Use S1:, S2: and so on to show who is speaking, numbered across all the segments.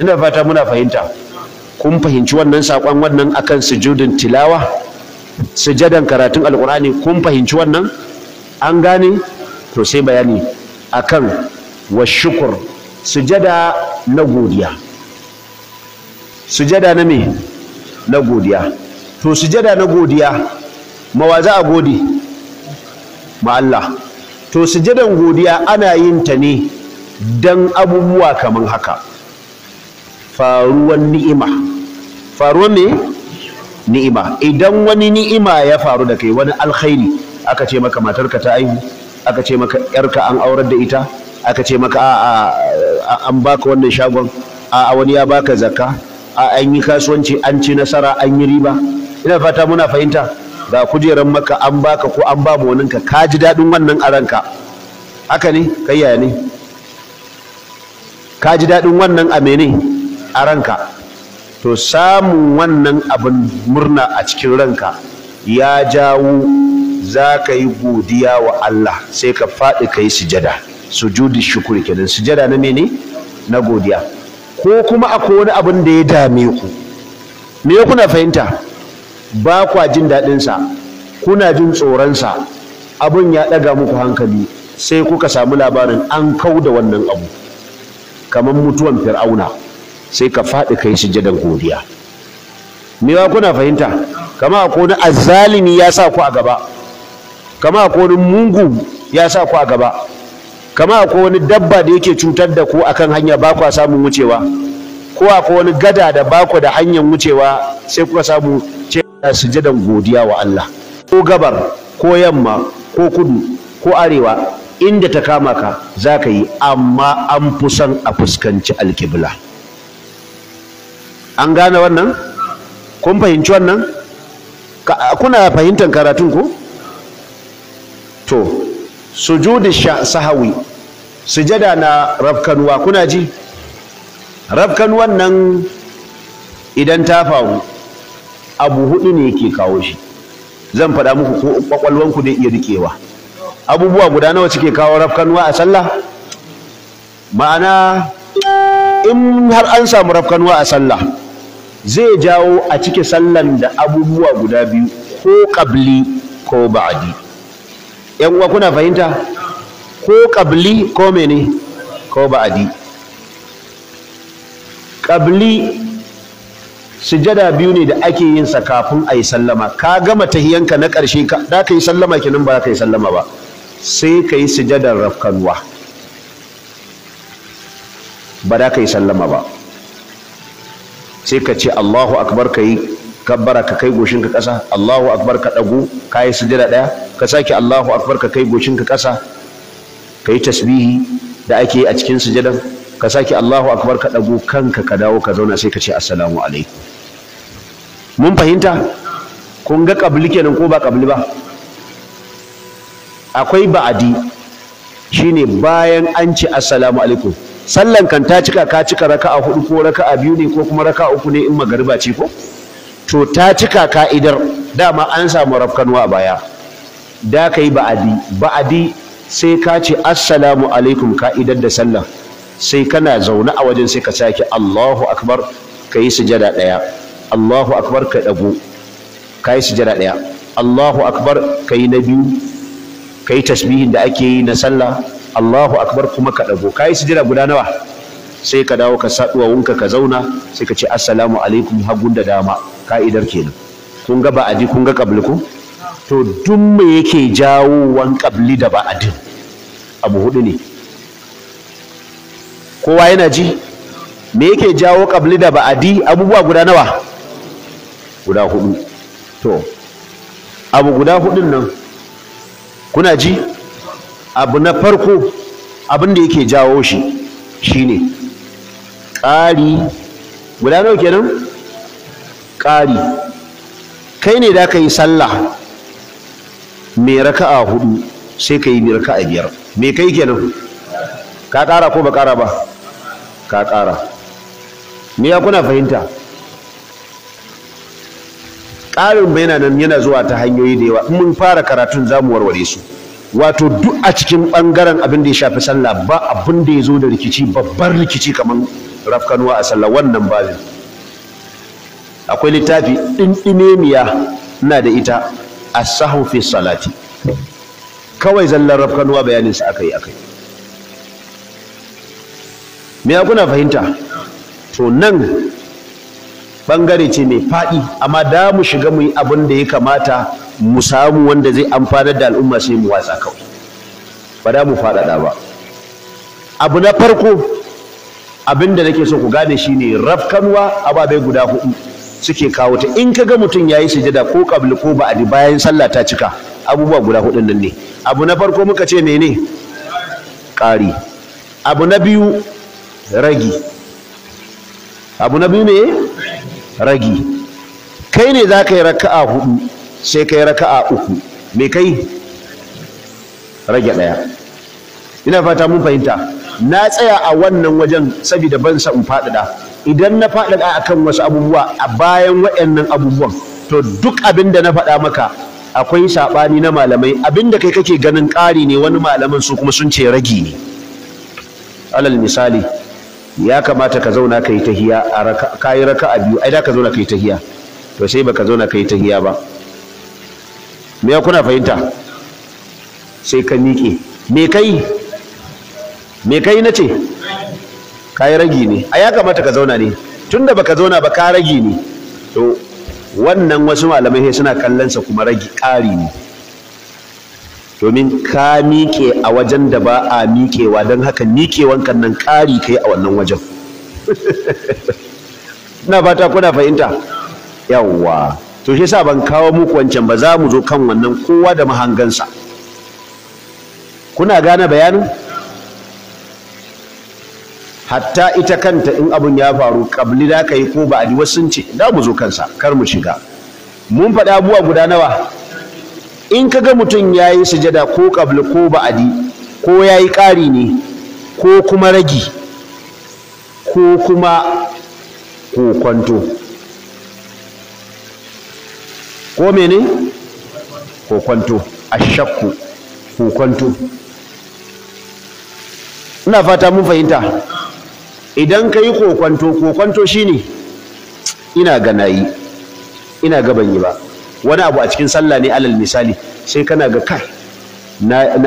S1: ina fata muna fahimta kun fahimci wannan sakon wannan akan sujudin tilawa sujadan karatun alqur'ani kun fahimci wannan an gane to sai bayani akan wa shukur sujada na godiya sujada na me na godiya to sujada na godiya mawa za a gode ma Allah to sujadan godiya ana yin ta ne dan abubuwa kaman haka faruwan ni'ima faruwan ne ni'ima idan wani ni'ima ya faru da kai wani alkhairi aka ce maka matarka ta aihu aka ce maka yarka an aurar da ita aka ce maka a an baka wannan shagon a wani ya baka zakka a an yi kasuwanci an ci nasara an yi riba ina fata muna fahimta ga kujeran maka an baka ko an ba mu ka ji daɗin wannan a ranka haka ne kai yaya ne ka ji daɗin wannan a mene a ranka to samun wannan abin murna a cikin ranka ya jawo za ka yi godiya wa Allah sai ka faɗi ka yi sujada sujudi shukuri kenan sujada na mene na godiya ko kuma akwai wani abin da ya dame ku me kuna fahimta ba kwa jin daɗinsa kuna jin tsoronsa abin ya ɗaga muku hankali sai kuka samu labarin an kau da wannan abu kamar mutuwan fir'auna sai ka faɗi kai sujjadan godiya mewa kuna fahimta kama a koni azzalimi ya sa ku a gaba kama a koni mungu ya sa ku a gaba kama a wani dabba da yake cutar da ku akan hanya ba a samun wucewa ko a wani gada da ba ku da hanyar wucewa sai kuka samu cewa sujadan godiya wa Allah ko gabar ko yamma ko kudu ko arewa inda ta kama ka za ka yi amma an fi son a fuskanci alkibla. an gane wannan kun fahimci wannan kuna fahimtar karatun ku to sujudi sahawi sujada na rafkanuwa kuna ji rafkanuwan nan idan ta faru abu hudu ne yake kawo shi zan faɗa muku ko ku dai iya rikewa abubuwa guda nawa suke kawo rafkanuwa a sallah ma'ana in har an samu rafkanuwa a sallah zai jawo a cike sallan da abubuwa guda biyu ko ƙabli ko ba'adi. yan uwa kuna fahimta ko ƙabli ko mene ko ba'adi? Ƙabli sujada biyu ne da ake yin sa kafin ayi sallama ka gama tahiyanka na ƙarshe ka da ka yi sallama kenan ba ka yi sallama ba sai ka yi sujadar rafkanuwa ba da ka yi sallama ba sai ka ce Allahu akbar ka yi kabbara ka kai goshin ka ƙasa Allahu akbar ka ɗagu ka yi jira ɗaya ka sake Allahu akbar ka kai goshin ka ƙasa ka yi tasbihi da ake yi a cikin sujadan ka sake Allahu akbar ka ɗagu kanka ka dawo ka zauna sai ka ce assalamu alaikum mun fahimta kun ga ƙabli kenan ko ba ƙabli ba akwai ba'adi shine bayan an ce assalamu alaikum sallan kan ta cika ka cika raka a hudu ko raka a biyu ne ko kuma raka uku ne in magariba ce ko to ta cika ka'idar dama an samu rafkanuwa a baya da ka yi ba'adi ba'adi sai ka ce assalamu alaikum ka'idar da sallah sai kana zaune a wajen sai ka sake Allahu akbar ka yi sujada ɗaya Allahu akbar ka ɗago ka yi sujada ɗaya Allahu akbar ka yi na biyu ka yi tasbihin da ake yi na sallah Allahu akbar kuma ka dago kai sujada guda nawa sai ka dawo ka saduwa wunka ka zauna sai ka ce assalamu alaikum har gunda dama ka'idar kenan kun ga ba'adi kun ga qabli ku to duk me yake jawo wan qabli da ba'adin abu hudu ne kowa yana ji me yake jawo qabli da ba'adi abubuwa guda nawa guda hudu to abu guda hudun nan kuna ji abu na farko abin da yake jawo shi shine ƙari guda nawa kenan ƙari kai ne da ka yi sallah mai raka'a hudu sai ka yi mai raka'a biyar me kai kenan ka ƙara ko ba ƙara ba ka ƙara me ya kuna fahimta ƙarin bai yana nan yana zuwa ta hanyoyi da yawa in mun fara karatun za mu warware su wato duk a cikin ɓangaren abin da ya shafi sallah ba abin da ya zo da rikici babbar rikici kamar rafkanuwa a sallah wannan ne. akwai littafi ɗinɗinemiya na da ita a sahu salati kawai zallar rafkanuwa bayaninsa aka yi aka yi me kuna fahimta to nan ɓangare ce mai faɗi amma da mu shiga mu yi abin da ya kamata mu samu wanda zai amfanar da al'umma sai mu watsa kawai ba da mu faɗaɗa ba abu na farko abin da nake so ku gane shine rafkanwa ababai guda hudu suke kawo ta in kaga mutum ya yayi sujada ko kabli ko adi bayan sallah ta cika abubuwa guda hudu nan ne abu na farko muka ce mene ƙari abu na biyu ragi abu na biyu ne ragi kai ne za ka yi raka'a hudu sai kai raka'a uku me kai rage daya ina fata mun fahimta na tsaya a wannan wajen saboda ban sa in faɗaɗa idan na faɗaɗa akan wasu abubuwa a bayan waɗannan abubuwan to duk abin da na faɗa maka akwai saɓani na malamai abinda kai kake ganin ƙari ne wani malaman su kuma sun ce ragi ne alal misali ya kamata ka zauna ka yi tahiya a raka ka yi raka biyu ai da ka zauna ka yi tahiya to sai baka zauna ka yi tahiya ba me ya kuna fahimta sai ka miƙe me kai me kai na ce ka yi ragi ne a ya kamata ka zauna ne tunda baka zauna ba ka ragi ne to wannan wasu malamai suna kallonsa kuma ragi ƙari ne domin ka miƙe a wajen da ba a miƙewa don haka miƙewan wankan nan ƙari kai a wannan wajen na fata kuna fahimta yawwa to shi yasa ban kawo muku wancan ba za mu zo kan wannan kowa da mahangansa kuna gane bayanin hatta ita kanta in abun ya faru kabli da ka yi ko ba adi wasu ce da mu zo kansa kar mu shiga mun faɗi abubuwa guda nawa in ka ga mutum ya yi sujada ko kabli ko ba adi ko ya yi ƙari ne ko kuma ragi ko kuma kokwanto ko mene ko kwanto ashakku ko kwanto ina fata mun fahimta idan ka yi kokwanto kokwanto shine ina ga nayi ina ga ban yi ba wani abu a cikin sallah ne alal misali sai kana ga kai na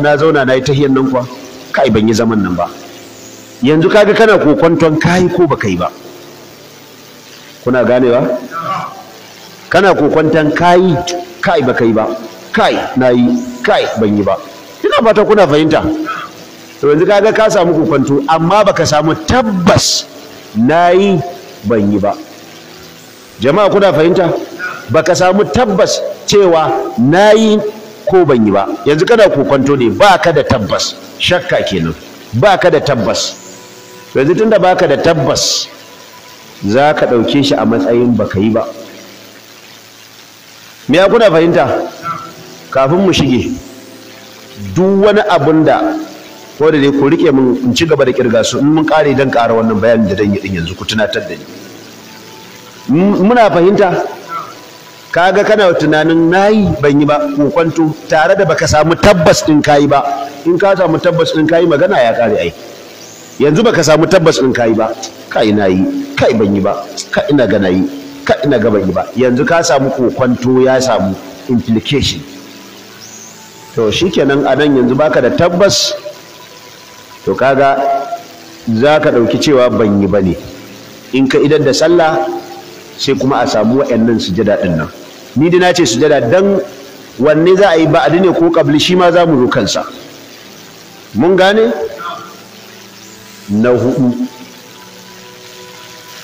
S1: na zauna na yi tahiyyar nan kuwa kai ban yi zaman nan ba yanzu kaga kana kokwanton kayi ko baka yi ba kuna ganewa kana kokwantan kayi kai ba kai ba kai nayi kai ban yi ba ina fata kuna fahimta to yanzu kaga ka samu kokwanto amma baka samu tabbas nayi ban yi ba jama'a kuna fahimta baka samu tabbas cewa nayi ko ban yi ba yanzu kana kokwanto ne baka da tabbas shakka kenan baka da tabbas yanzu tunda baka da tabbas za ka ɗauke shi a matsayin baka yi ba me kuna fahimta kafin mu shige duk wani abun da ko da dai ku rike mun in ci gaba da kirga su in mun kare dan kara wannan bayanin da dan yi din yanzu ku tunatar da ni muna fahimta kaga kana tunanin nayi ban yi ba kwanto tare da baka samu tabbas din kai ba in ka samu tabbas din kai magana ya kare ai yanzu baka samu tabbas din kai ba kai nayi kai ban yi ba ka ina ganayi yi. ka ina ga yi ba yanzu ka samu kokwanto ya samu implication to kenan a nan yanzu baka da tabbas to kaga za ka ɗauki cewa ban yi ba ne in ka idar da sallah sai kuma a samu wa'annan sujada ɗin nan ni dai na ce sujada dan wanne za a yi ba'adi ne ko kabli shi ma za mu zo kansa mun gane na hudu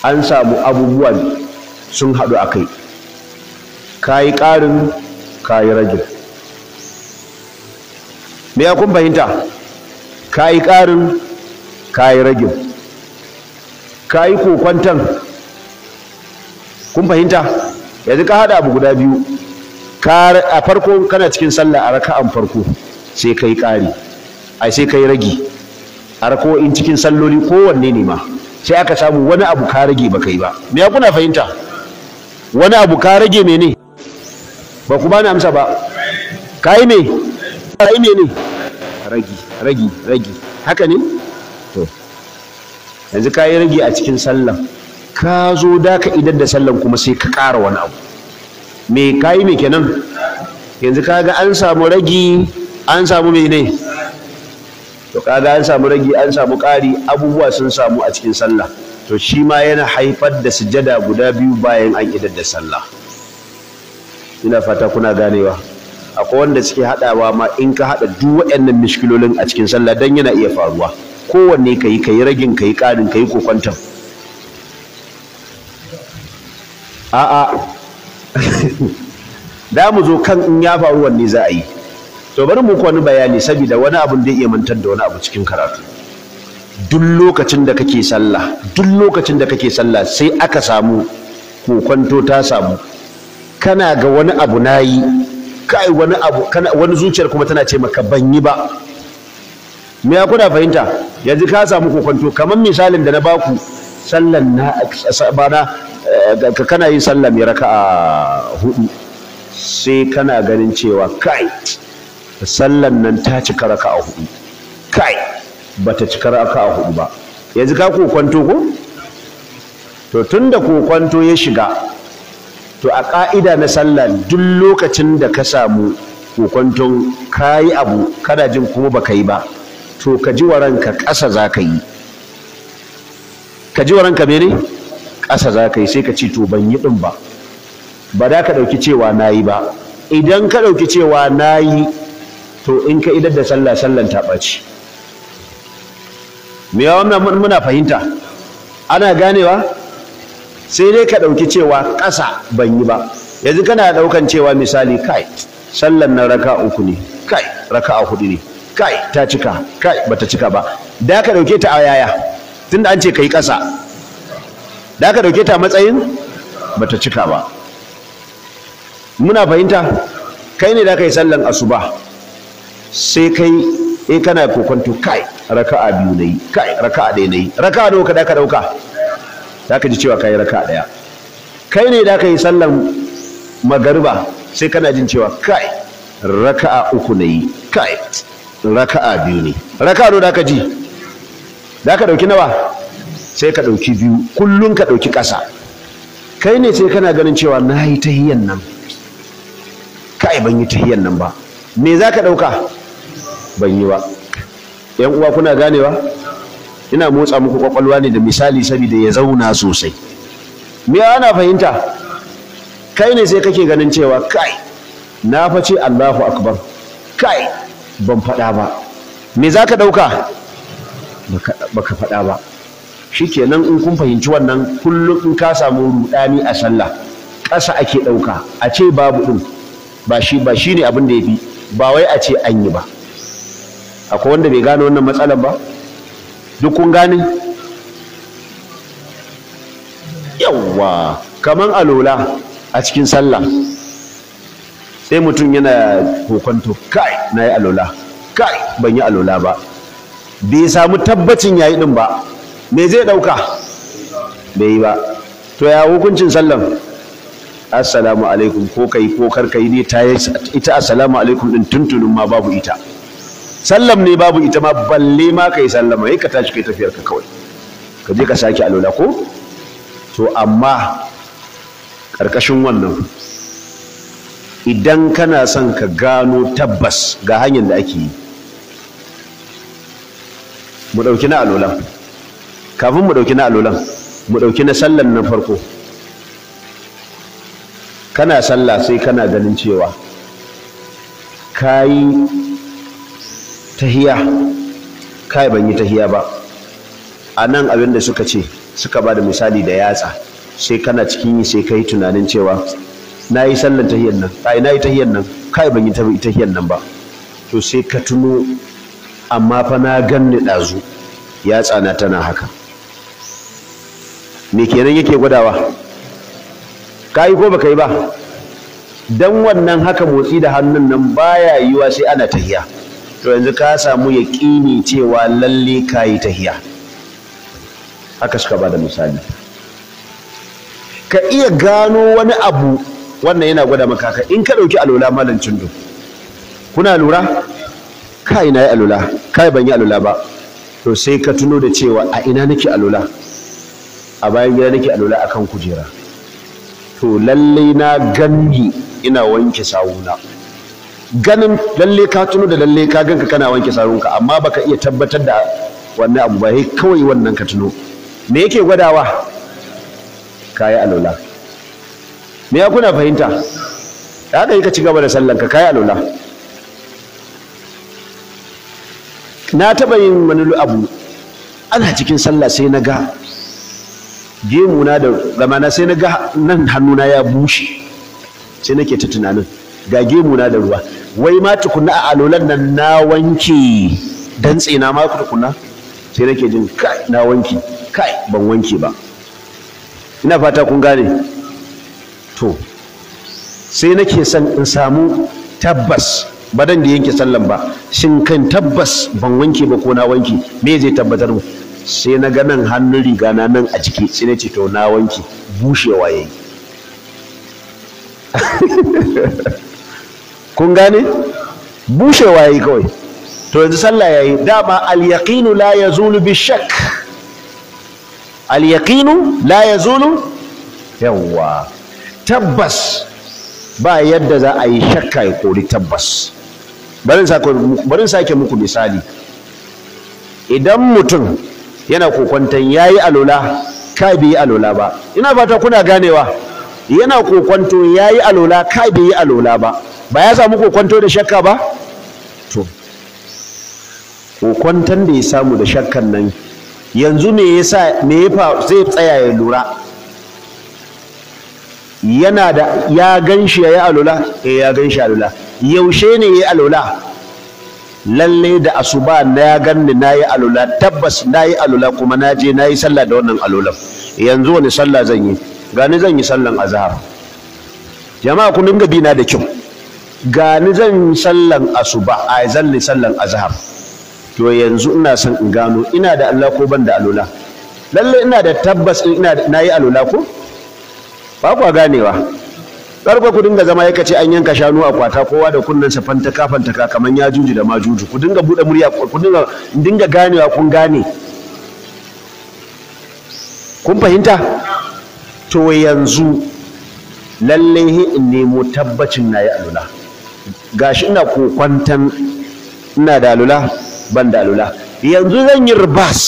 S1: an samu abubuwan sun haɗu a kai ka yi ƙarin ka yi ragin me ya kun fahimta ka yi ƙarin ka yi ragin ka yi kokwantan kun fahimta yanzu ka haɗa abu guda biyu a farko kana cikin sallah a raka'an farko sai ka yi ƙari ai sai ka yi ragi a in cikin salloli kowanne ne ma sai aka samu wani abu ka rage ba yi ba me ya kuna fahimta wani abu ka rage mene ba ku bani amsa ba ka yi me ka yi mene ragi ragi ragi haka ne to yanzu ka yi ragi a cikin sallan ka zo da ka idan da sallan kuma sai ka ƙara wani abu me ka yi me kenan yanzu ka ga an samu ragi an samu mene to kaga an samu ragi an samu ƙari abubuwa sun samu a cikin sallah to shi ma yana haifar da sujada guda biyu bayan an idar da sallah ina fata kuna ganewa akwai wanda suke haɗawa ma in ka haɗa duk waɗannan mishkilolin a cikin sallah dan yana iya faruwa kowanne ka yi ka yi ragin ka yi ƙarin ka yi kokwantan a'a da mu zo kan in ya faru wanne za a yi to bari mu wani bayani saboda wani abu da iya mantar da wani abu cikin karatu duk lokacin da kake sallah duk lokacin da kake sallah sai aka samu kokonto ta samu kana ga wani abu nayi kai wani abu kana wani zuciyar kuma tana ce maka ban yi ba me ya kuna fahimta yanzu ka samu kokonto kamar misalin da na baku sallan na bana eh, kana yin sallah mai raka'a hudu sai kana ganin cewa kai sallan nan ta cika raka'a hudu kai bata cika a hudu ba yanzu ka kokwanto ko to tunda kokwanto ya shiga to a ka'ida na sallah duk lokacin da ka samu kokwanton yi abu kada jin kuma baka yi ba to ka ji wa ranka ƙasa za ka yi ka ji wa ranka mene ƙasa za ka yi sai ka ce to ban yi ɗin ba ba da ka ɗauki cewa na yi ba idan ka ɗauki cewa na yi to in ka idar da sallah sallan ta ɓaci mewa wannan muna fahimta ana ganewa sai dai ka ɗauki cewa ƙasa ban yi ba yanzu kana ɗaukan cewa misali kai sallan na raka uku ne kai raka a hudu ne kai ta cika kai bata cika ba da ka ɗauke ta a yaya da an ce ka yi ƙasa da ka ɗauke ta matsayin bata cika ba muna fahimta kai ne da ka yi sallan asuba sai kai in kana kokonto kai raka'a biyu nayi kai raka'a ɗaya yi, raka'a nawa kada ka dauka zaka ji cewa kai raka'a ɗaya kai ne da ka yi sallan magariba sai kana jin cewa kai raka'a uku nayi kai raka'a biyu ne raka'a nawa da ka ji da ka dauki nawa sai ka dauki biyu kullun ka dauki ƙasa kai ne sai kana ganin cewa nayi tahiyyan nan kai ban yi tahiyyan nan ba me zaka dauka ban yi ba yan uwa kuna ganewa ina motsa muku kwakwalwa ne da misali saboda ya zauna sosai me ana fahimta kai ne sai kake ganin cewa kai na fa Allahu akbar kai ban faɗa ba me za ka ɗauka ka faɗa ba Shi shikenan in kun fahimci wannan kullum in ka samu ruɗani a sallah ƙasa ake ɗauka a ce babu ɗin ba shi ne abin da ya fi ba wai a ce an yi ba akwai wanda bai gane wannan matsalar ba duk kun gane yawwa kaman alola a cikin sallah sai mutum yana kokonto kai na yi alola kai ban yi alola ba bai samu tabbacin yayi din ba me zai dauka bai yi ba to ya hukuncin sallan assalamu alaikum ko kai ko karkai ne ta ita assalamu alaikum din tuntunin ma babu ita sallam ne babu ita ma balle ma kai sallama yi ka tashi kai tafiyar ka kawai ka je ka sake alola ko to amma ƙarƙashin wannan idan kana son ka gano tabbas ga hanyar da ake yi mu ɗauki na alolan kafin mu ɗauki na alolan mu ɗauki na sallan na farko kana sallah sai kana ganin cewa ka yi tahiya kai ban yi tahiya ba a nan abin da suka ce suka ba da misali da yatsa sai kana cikin yi sai kai tunanin cewa na yi sallan tahiyar nan ai na yi tahiyar nan kai ban yi tahiyar nan ba to sai ka tuno amma fa na ni ɗazu yatsa na tana haka me kenan yake gwadawa kai yi ko baka yi ba dan wannan haka motsi da hannun nan baya yiwa sai ana tahiya to yanzu ka samu yaƙini cewa lalle ka yi tahiya haka suka ba da misali ka iya gano wani abu wannan yana gwada makaka in ka ɗauki alola malam do, kuna lura Ka na yi alola ka ban yi alola ba to sai ka tuno da cewa a ina nake alola a bayan gida nake alola kan kujera to lallai na ganni ina wanke sawuna ganin lalle ka tuno da lalle ka ganka kana wanke sarunka amma baka iya tabbatar da wannan abu ba kawai wannan ka tuno me yake gwadawa kai alola me ya kuna fahimta haka yi ka ci gaba da sallanka kai alola na taɓa yin wani abu ana cikin sallah sai na ga na da zamana sai na ga nan hannuna ya bushe sai nake ta tunanin ga gemu na da ruwa wai ma tukuna? a alolan nan na wanke dantse na ma tukuna? sai nake jin kai na wanke kai ban wanke ba ina fata kun gane to sai nake son in samu tabbas ba badan da yanke sallan ba shin kan tabbas ban wanke ba ko na wanke me zai tabbatar mu sai na ga nan hannun riga na nan a ciki sai na to na wanke bushewa yayi kun gane bushewa yi kawai to yanzu sallah yi. dama alyaqinu la ya zulu bi shak? alyaqinu la ya zulu? yawwa tabbas ba yadda za a yi shakka ya kori tabbas barin sake muku misali idan mutum yana kokwanton ya yi alola ka bi yi alola ba ina fata kuna ganewa yana kokwanton ya yi alola ka bi yi alola ba ba ya samu kokwanto da shakka ba to kokwanton da ya samu da shakkan nan yanzu me yasa me ya zai tsaya ya lura yana da ya ganshi ya yi alula eh ya ganshi alula yaushe ne ya yi alula lalle da asuba na ya ganni na yi alula tabbas na yi alula kuma na je na yi sallah da wannan alulan yanzu wani sallah zan yi gani zan yi sallan azhar jama'a ku dinga bina da kyau gani zan sallan asuba a zalli sallan azhar to yanzu ina son in gano ina da Allah ko ban da alola lalle ina da tabbas ina nayi alola ko ba kwa ganewa karfa ku dinga zama yaka ce an yanka shanu a kwata kowa da kunnan sa fanta kafanta kaman ya juju da majuju ku dinga bude murya ku dinga dinga ganewa kun gane kun fahimta to yanzu lalle in nemo tabbacin nayi alola gashi ina kokwantan ina dalula ban dalula yanzu zan yi ribas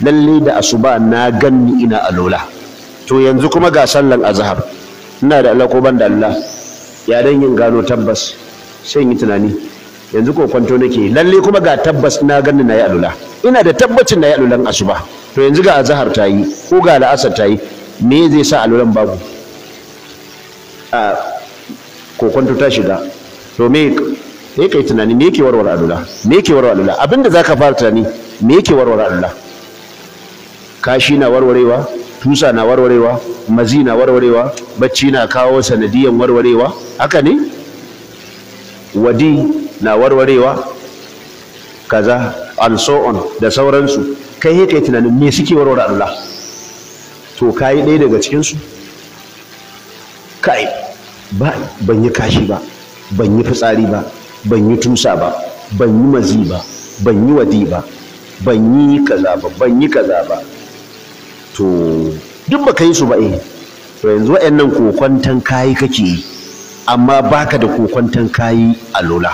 S1: lalle da asuba na ganni ina alola to yanzu kuma ga sallan azhar ina da Allah ko ban da Allah ya dan yin gano tabbas sai yi tunani yanzu ko kwanto nake lalle kuma ga tabbas na ganni na yi alola ina da tabbacin na yi alolan asuba to yanzu ga azhar ta yi ko ga la'asar ta yi me zai sa alolan babu a ah, kokwanto ta shiga so me sai kai tunani me yake warware allah? me yake warware allah? abinda zaka fara tunani me yake warware allah? kashi na warwarewa tusa na warwarewa mazi na warwarewa bacci na kawo sanadiyan warwarewa haka ne wadi na warwarewa kaza and so on da sauransu kai ya kai tunanin me suke warware Allah to kai ɗaya daga cikin su kai ba ban yi kashi ba ban yi fitsari ba ban yi tusa ba ban yi mazi ba ban yi wadi ba ban yi kaza ba ban yi kaza ba to duk baka yi su ba eh to yanzu waɗannan kokwantan kayi kake yi amma baka da kokwantan kayi a lola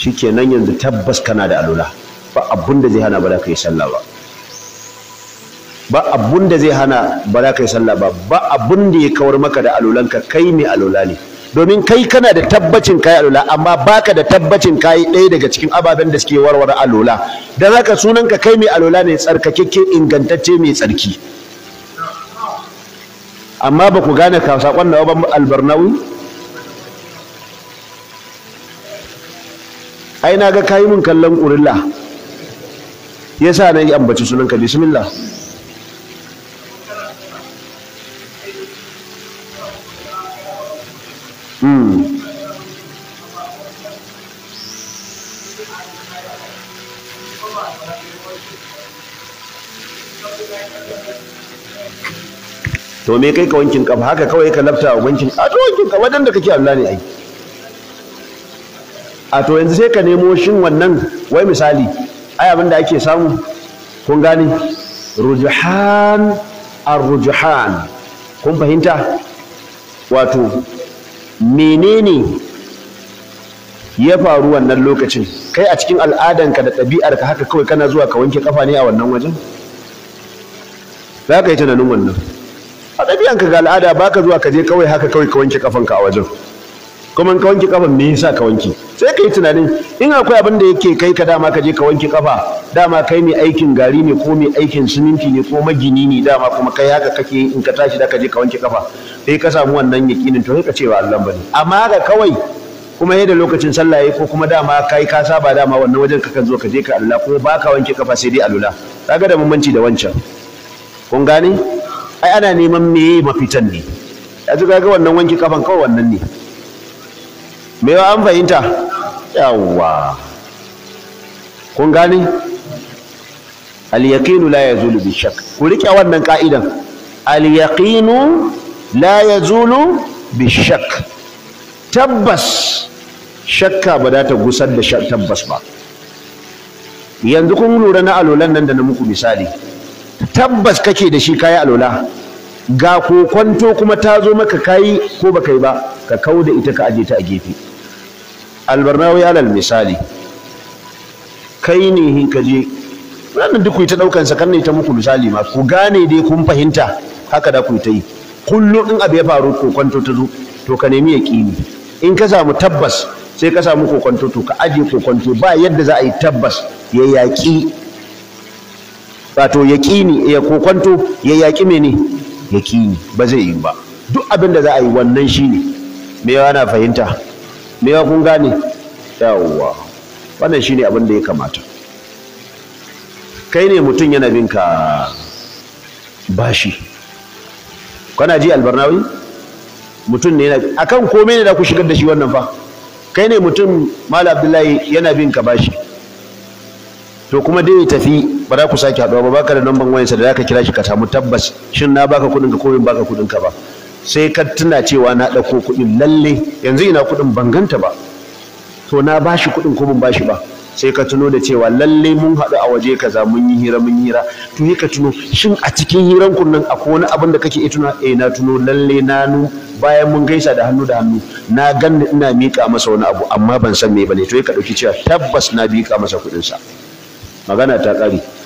S1: shikenan yanzu tabbas kana da alola ba abun da zai hana ba za ka yi sallah ba ba abun da zai hana ba za ka yi sallah ba ba abun da ya kawar maka da alolanka kai ne alola ne domin kai kana da tabbacin kayi alula amma baka da tabbacin kayi ɗaya daga cikin ababen da suke warware alula za ka sunanka kai mai alula ne tsarkakekke ingantacce mai tsarki amma ba ku gane ka sakon na ba albarnawi ai na ga kayi mun kallon kurilla yasa na yi ambaci sunanka bismillah Hmm. to me kai ka wankin kafa haka kawai ka nafta a wankin a to wankin kafa dan da kake Allah ne ai a to yanzu sai ka nemo shin wannan wai misali ai abin da ake samu kun gane rujuhan ar-rujuhan kun fahimta wato menene ya faru wannan lokacin kai a cikin al'adanka da ɗabi'arka haka kawai kana zuwa ka wanke kafa ne a wannan wajen za ka yi tunanin wannan a ɗabi'anka ga al'ada ba ka zuwa ka je kawai haka kawai ka wanke kafanka a wajen kuma ka wanke kafa me yasa ka wanke sai ka yi tunanin in akwai abin da yake kai ka dama ka je ka wanke kafa dama kai mai aikin gari ne ko mai aikin siminti ne ko magini ne dama kuma kai haka kake in ka tashi da ka je ka wanke kafa sai ka samu wannan yakinin to sai ka ce ba Allah bane amma ga kawai kuma yadda lokacin sallah yayi ko kuma dama kai ka saba dama wannan wajen ka kan zo ka je ka Allah ko ba ka wanke kafa sai dai alula kaga da bambanci da wancan kun gane ai ana neman meye mafitan ne yanzu kaga wannan wanke kafan kawai wannan ne me an fahimta yawwa kun gani al-yaqinu la yazulu bi shakk ku rike wannan ka'idan al-yaqinu la yazulu bi shakk tabbas shakka ba za ta gusar da tabbas ba yanzu kun lura na alolan nan da na muku misali tabbas kake da shi kayi alola ga kokonto kuma ta zo maka kayi ko baka yi ba ka kau da ita ka aje ta a gefe albarnawi alal misali kai ne hin kaje wannan duk ku ta daukan sa kanne ta muku misali ma ku gane dai kun fahimta haka da ku yi kullum in abu ya faru ko kwanto ta zo to ka nemi yaqini in ka samu tabbas sai ka samu kokonto to ka aje kokonto ba yadda za a yi tabbas ya yaƙi wato yaqini ya kokonto ya yaƙi mene yaqini ba zai yi ba duk abin da za a yi wannan shine me yana fahimta mewa kun gane yawwa wannan shine abin da ya kamata kai ne mutum yana bin ka bashi kana ji albarnawi mutum ne akan komai ne da ku shigar da shi wannan fa kai ne mutum malam abdullahi yana bin ka bashi to kuma dai ya tafi ba za ku sake haɗuwa ba baka da lambar wayansa da ka kira shi ka samu tabbas shin na baka kuɗin ka ko bin baka kuɗin ka ba sai ka tuna cewa na ɗauko kuɗin lalle yanzu ina kuɗin banganta ba to na bashi kuɗin ko ban bashi ba sai ka tuno da cewa lalle mun haɗu a waje kaza mun yi hira mun hira to ka tuno shin a cikin hiran kun nan akwai wani abin da kake ituna eh na tuno lalle na nu bayan mun gaisa da hannu da hannu na ganni ina miƙa masa wani abu amma ban san me bane to ka ɗauki cewa tabbas na miƙa masa kuɗinsa. magana ta ƙare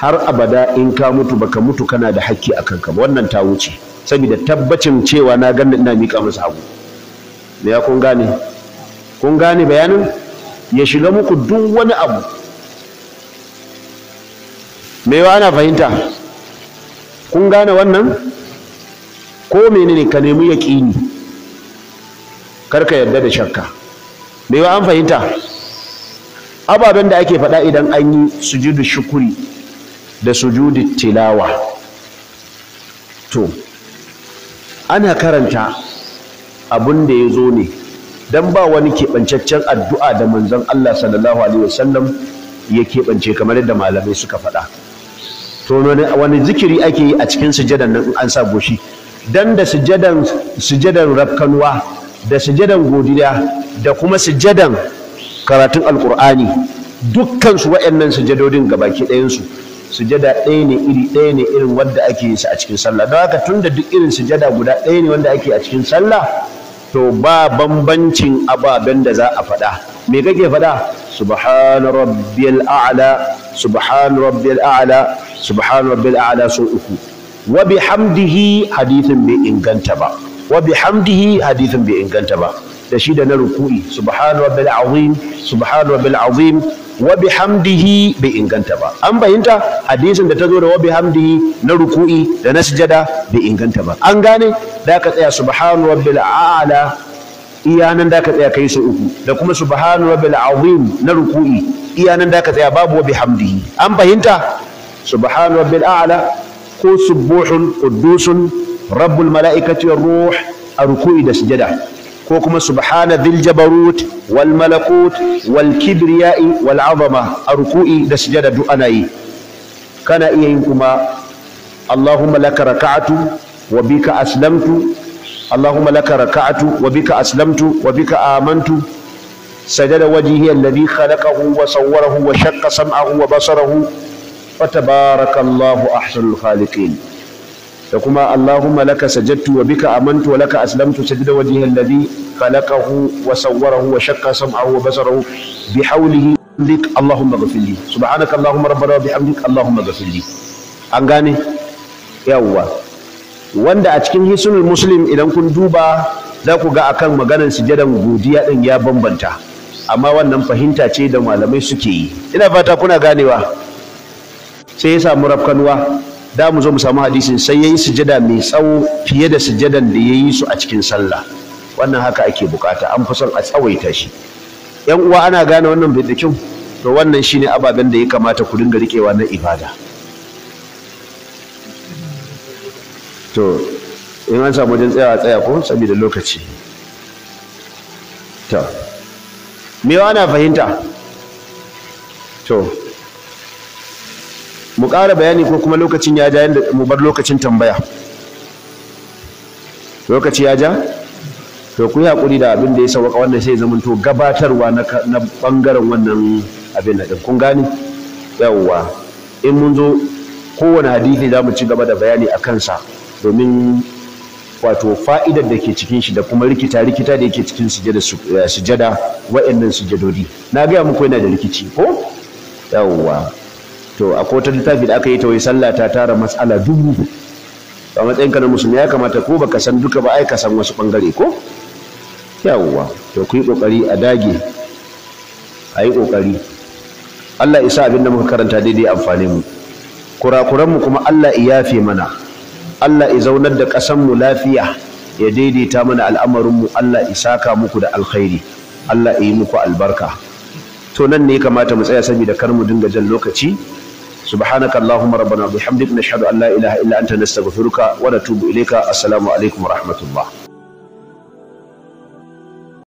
S1: har abada in ka mutu baka mutu kana da haƙƙi a kanka wannan ta wuce saboda tabbacin cewa na ganna ina miƙa masa abu me ya kun gane kun gane bayanin ya shiga muku duk wani abu me yawa ana fahimta kun gane wannan ko menene ka nemi yaƙini kar ka yarda da shakka me yawa an fahimta ababen da ake faɗa idan an yi sujudu shukuri da sujudi tilawa to ana karanta abun da ya zo ne don ba wani keɓancaccen addu'a da manzon Allah sallallahu alaihi wasallam ya keɓance kamar yadda malamai suka faɗa to wani zikiri ake yi a cikin sujadan nan an sa goshi dan da sujadan sujadan rafkanuwa da sujadan godiya da kuma sujadan karatun alkur'ani dukkan su waɗannan sujadodin gabaki ɗayansu sujada ɗaya ne iri ɗaya ne irin wanda ake yin sa a cikin sallah don haka tunda duk irin sujada guda ɗaya ne wanda ake a cikin sallah to ba bambancin ababen da za a faɗa me kake faɗa subhan rabbiyal a'la subhan rabbiyal a'la subhan rabbiyal a'la so uku wa bihamdihi hadithin bai inganta ba wa bihamdihi hadithin bai inganta ba da shi da na ruku'i subhan rabbil azim subhan rabbil azim wa bihamdihi bai inganta ba an bayyanta hadisin da ta zo da wa bihamdihi na ruku'i da na sujada bai inganta ba an gane da ka tsaya subhanu rabbil a'la iya nan da ka tsaya kai su uku da kuma subhanu rabbil azim na ruku'i iya nan da ka tsaya babu wa bihamdihi an bayyanta subhanu rabbil a'la ko subuhun quddusun rabbul mala'ikati ruh a ruku'i da sujada ko kuma subhana dhil jabarut wal malakut wal kibriya'i wal azama a ruku'i da sujada duk ana yi kana iya yin kuma Allahumma laka raka'atu wa bika aslamtu Allahumma laka raka'atu wa bika aslamtu wa bika amantu sajada wajhi alladhi khalaqahu wa sawwarahu wa shaqqa sam'ahu wa basarahu fatabarakallahu ahsanul khaliqin da kuma Allahumma laka sajadtu wa bika amantu wa laka aslamtu sajda wajhi alladhi khalaqahu wa sawwarahu wa shaqqa sam'ahu wa basarahu bi hawlihi lik Allahumma ghfir li subhanaka Allahumma rabbana wa bihamdik Allahumma ghfir li an gane yawwa wanda a cikin hisunul muslim idan kun duba za ku ga akan maganar sujadan godiya din ya bambanta amma wannan fahimta ce da malamai suke yi ina fata kuna ganewa sai ya samu rafkanuwa da mu zo mu samu hadisin sai ya yi sujada mai tsawo fiye da sujadan da yayi su a cikin sallah wannan haka ake bukata an fi son a tsawaita shi yan uwa ana gane wannan bidikin to wannan shine ababen da ya kamata ku dinga rikewa na ibada to in an samu wajen tsayawa tsaya ko saboda lokaci to me ana fahimta to mu ƙara bayani ko kuma lokacin ya ja yadda mu bar lokacin tambaya lokaci ya ja to ku yi haƙuri da abin da ya sauka wannan sai to gabatarwa na ɓangaren wannan abin ɗin kun gane yawwa in mun zo kowane hadisi za mu ci gaba da bayani a kansa domin wato fa'idar da ke cikin shi da kuma rikita rikita da yake cikin sujada eh, sujada wa'annan sujadodi na gaya muku yana da rikici ko yawwa to a ta littafi da aka yi ta wai sallah ta tara matsala dubu a matsayin ka na musulmi ya kamata ko baka san duka ba ai ka san wasu bangare ko yawwa to ku yi kokari a dage a yi kokari Allah isa abin da muka karanta daidai amfani mu kurakuran mu kuma Allah ya yafe mana Allah ya zaunar da kasan mu lafiya ya daidaita mana al'amarin mu Allah isaka muku da alkhairi Allah ya yi muku albarka to nan ne ya kamata mu tsaya saboda kar mu dinga jan lokaci سبحانك اللهم ربنا وبحمدك نشهد أن لا إله إلا أنت نستغفرك ونتوب إليك السلام عليكم ورحمة الله